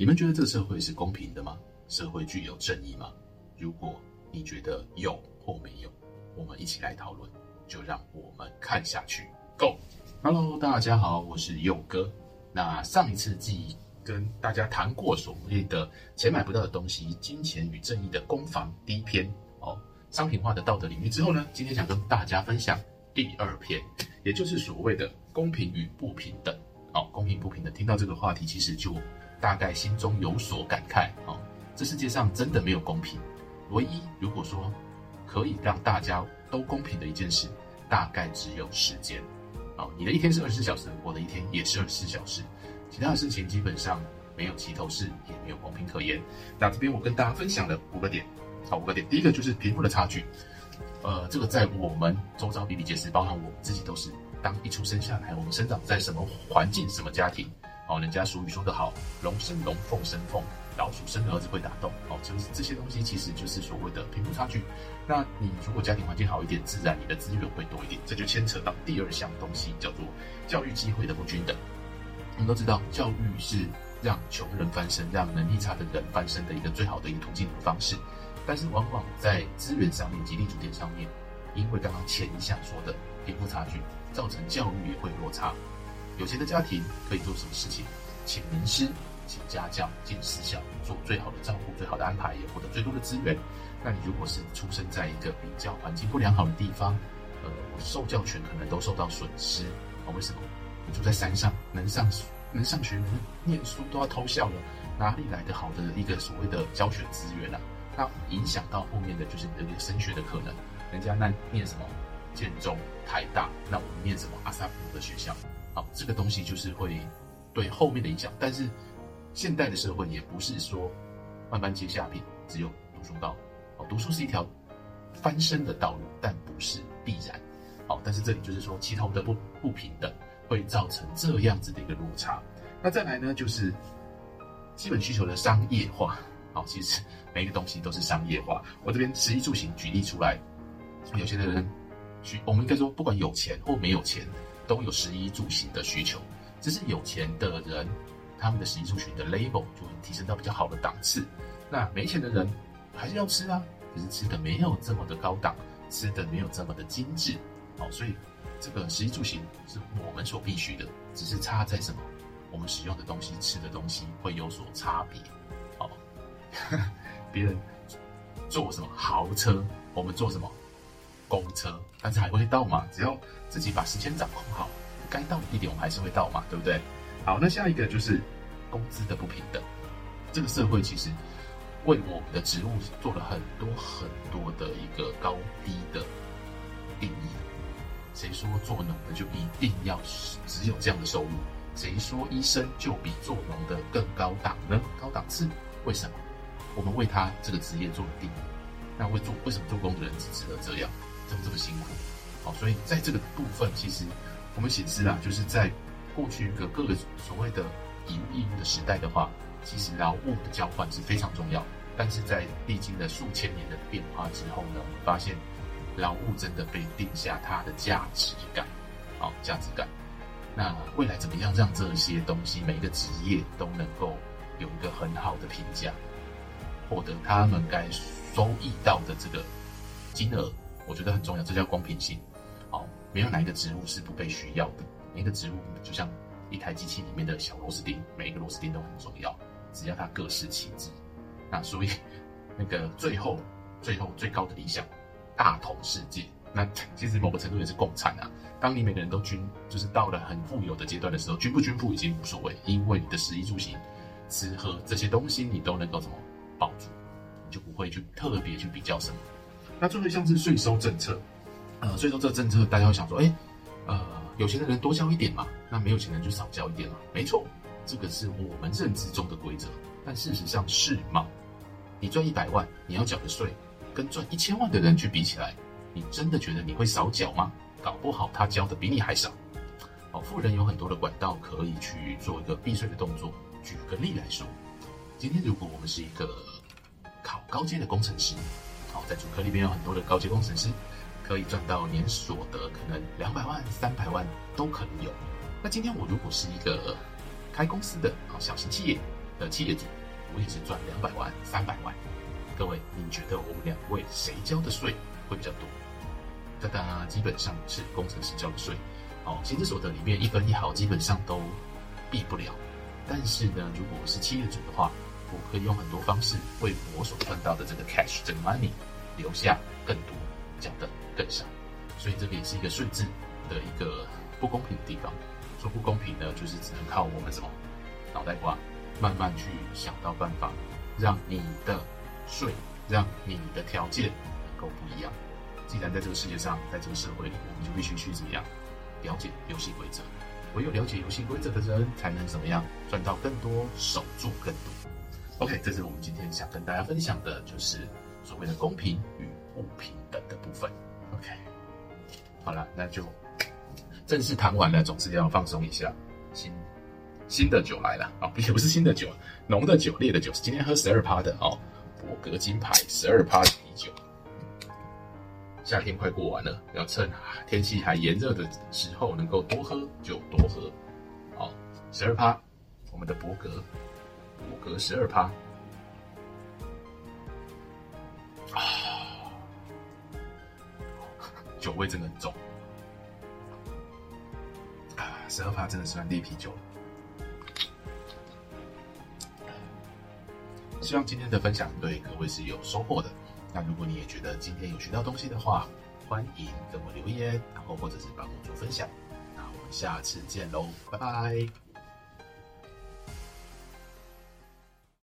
你們覺得這社會是公平的嗎？社會具有正義嗎？如果你覺得有或沒有，我們一起來討論。就讓我們看下去。Go，Hello，大家好，我是佑哥。那上一次記憶跟大家談過所謂的錢買不到的東西——金錢與正義的攻防第一篇哦，商品化的道德領域之後呢，今天想跟大家分享第二篇，也就是所謂的公平與不平等。哦，公平不平等，聽到這個話題其實就，大概心中有所感慨，哦，這世界上真的沒有公平，唯一如果說可以讓大家都公平的一件事，大概只有時間。哦，你的一天是二十四小時，我的一天也是二十四小時，其他的事情基本上沒有齊頭式，也沒有公平可言。那這邊我跟大家分享了五個點，好，五個點，第一個就是貧富的差距，呃，這個在我們周遭比比皆是，包含我們自己都是，當一出生下來，我們生長在什麼環境，什麼家庭。哦，人家俗語說得好，“龍生龍，鳳生鳳，老鼠生的兒子會打洞”。哦，這、就是、這些東西其實就是所謂的貧富差距。那你如果家庭環境好一點，自然你的資源會多一點，這就牽扯到第二項東西，叫做教育機會的不均等。我們都知道，教育是讓窮人翻身、讓能力差的人翻身的一個最好的一個途徑和方式，但是往往在資源上面、及立足點上面，因為剛剛前一下說的貧富差距，造成教育也會有落差。有錢的家庭可以做什麼事情？請名師，請家教，進私校，做最好的照顧，最好的安排，也獲得最多的資源。那你如果是出生在一個比較環境不良好的地方，呃，受教權可能都受到損失。哦，為什麼？你住在山上，能上能上學，能念書都要偷笑了，哪裡來的好的一個所謂的教學資源啊？那影響到後面的就是你的升學的可能。人家那念什麼，建中、台大，那我們念什麼阿沙不魯的學校？好，這個東西就是會對後面的影響，但是現代的社會也不是說萬般皆下品，只有讀書高。哦，讀書是一條翻身的道路，但不是必然。好、哦，但是這裡就是說，其他的不不平等會造成這樣子的一個落差。那再來呢，就是基本需求的商業化。好、哦，其實每一個東西都是商業化。我這邊食衣住行舉例出來，有些的人需，嗯、我們應該說，不管有錢或沒有錢。都有食衣住行的需求，只是有錢的人，他們的食衣住行的 label 就提升到比較好的檔次。那沒錢的人還是要吃啊，只是吃的沒有這麼的高檔，吃的沒有這麼的精緻。好、哦，所以這個食衣住行是我們所必須的，只是差在什麼？我們使用的東西、吃的東西會有所差別。好、哦， 別人坐，坐什麼豪車，我們坐什麼？公車，但是還不會到嘛？只要自己把時間掌控好，該到的地點我們還是會到嘛，對不對？好，那下一個就是工資的不平等。這個社會其實為我們的職務做了很多很多的一個高低的定義。誰說做農的就一定要只有這樣的收入？誰說醫生就比做農的更高檔呢？高檔是為什麼？我們為他這個職業做了定義，那為做為什麼做工的人只值得這樣？都這麼辛苦，好，所以在這個部分，其實我們顯示啦，就是在過去一個各個所謂的以物易物的時代的話，其實勞務的交換是非常重要。但是在歷經了數千年的變化之後呢，我們發現勞務真的被定下它的價值感，好，價值感。那未來怎麼樣讓這些東西每一個職業都能夠有一個很好的評價，獲得他們該收益到的這個金額？我覺得很重要，這叫公平性。好、哦，沒有哪一個職務是不被需要的。每一個職務就像一台機器裡面的小螺絲釘，每一個螺絲釘都很重要。只要它各司其職，那所以那個最後最後最高的理想，大同世界，那其實某個程度也是共產啊。當你每個人都均，就是到了很富有的階段的時候，均不均富已經無所謂，因為你的食衣住行、吃喝這些東西你都能夠怎麼保住，你就不會去特別去比較什麼。那就會像是稅收政策，呃，稅收這個政策，大家會想說，哎、欸，呃，有錢的人多交一點嘛，那沒有錢的人就少交一點嘛。沒錯，這個是我們認知中的規則，但事實上是嗎？你賺一百萬，你要繳的稅，跟賺一千萬的人去比起來，你真的覺得你會少繳嗎？搞不好他交的比你還少。哦，富人有很多的管道可以去做一個避稅的動作。舉個例來說，今天如果我們是一個考高階的工程師。好，在竹科裡面有很多的高級工程師，可以賺到年所得可能兩百萬、三百萬都可能有。那今天我如果是一個、呃、開公司的、好、哦、小型企業的、呃、企業主，我也只賺兩百萬、三百萬。各位，你覺得我們兩位誰交的稅會比較多？大家基本上是工程師交的稅。哦。薪資所得裡面一分一毫基本上都避不了。但是呢，如果是企業主的話，我可以用很多方式為我所賺到的這個 cash 這個 money 留下更多，講的更少，所以這個也是一個稅制的一個不公平的地方。說不公平呢，就是只能靠我們什麼腦袋瓜慢慢去想到辦法，讓你的稅，讓你的條件能夠不一樣。既然在這個世界上，在這個社會裡，我們就必須去怎麼樣了解遊戲規則。唯有了解遊戲規則的人，才能怎麼樣賺到更多，守住更多。OK，這是我們今天想跟大家分享的，就是所謂的公平與不平等的部分。OK，好了，那就正式談完了。總是要放鬆一下。新新的酒來了啊、哦，也不是新的酒，濃的酒、烈的酒。是今天喝十二趴的哦，伯格金牌十二趴啤酒、嗯。夏天快過完了，要趁天氣還炎熱的時候，能夠多喝就多喝。好，十二趴，我們的伯格。五格十二趴，啊，酒味真的很重啊！十二趴真的算第一啤酒。希望今天的分享對各位是有收穫的。那如果你也覺得今天有學到東西的話，歡迎跟我留言，然後或者是幫我做分享。那我們下次見嘍，拜拜。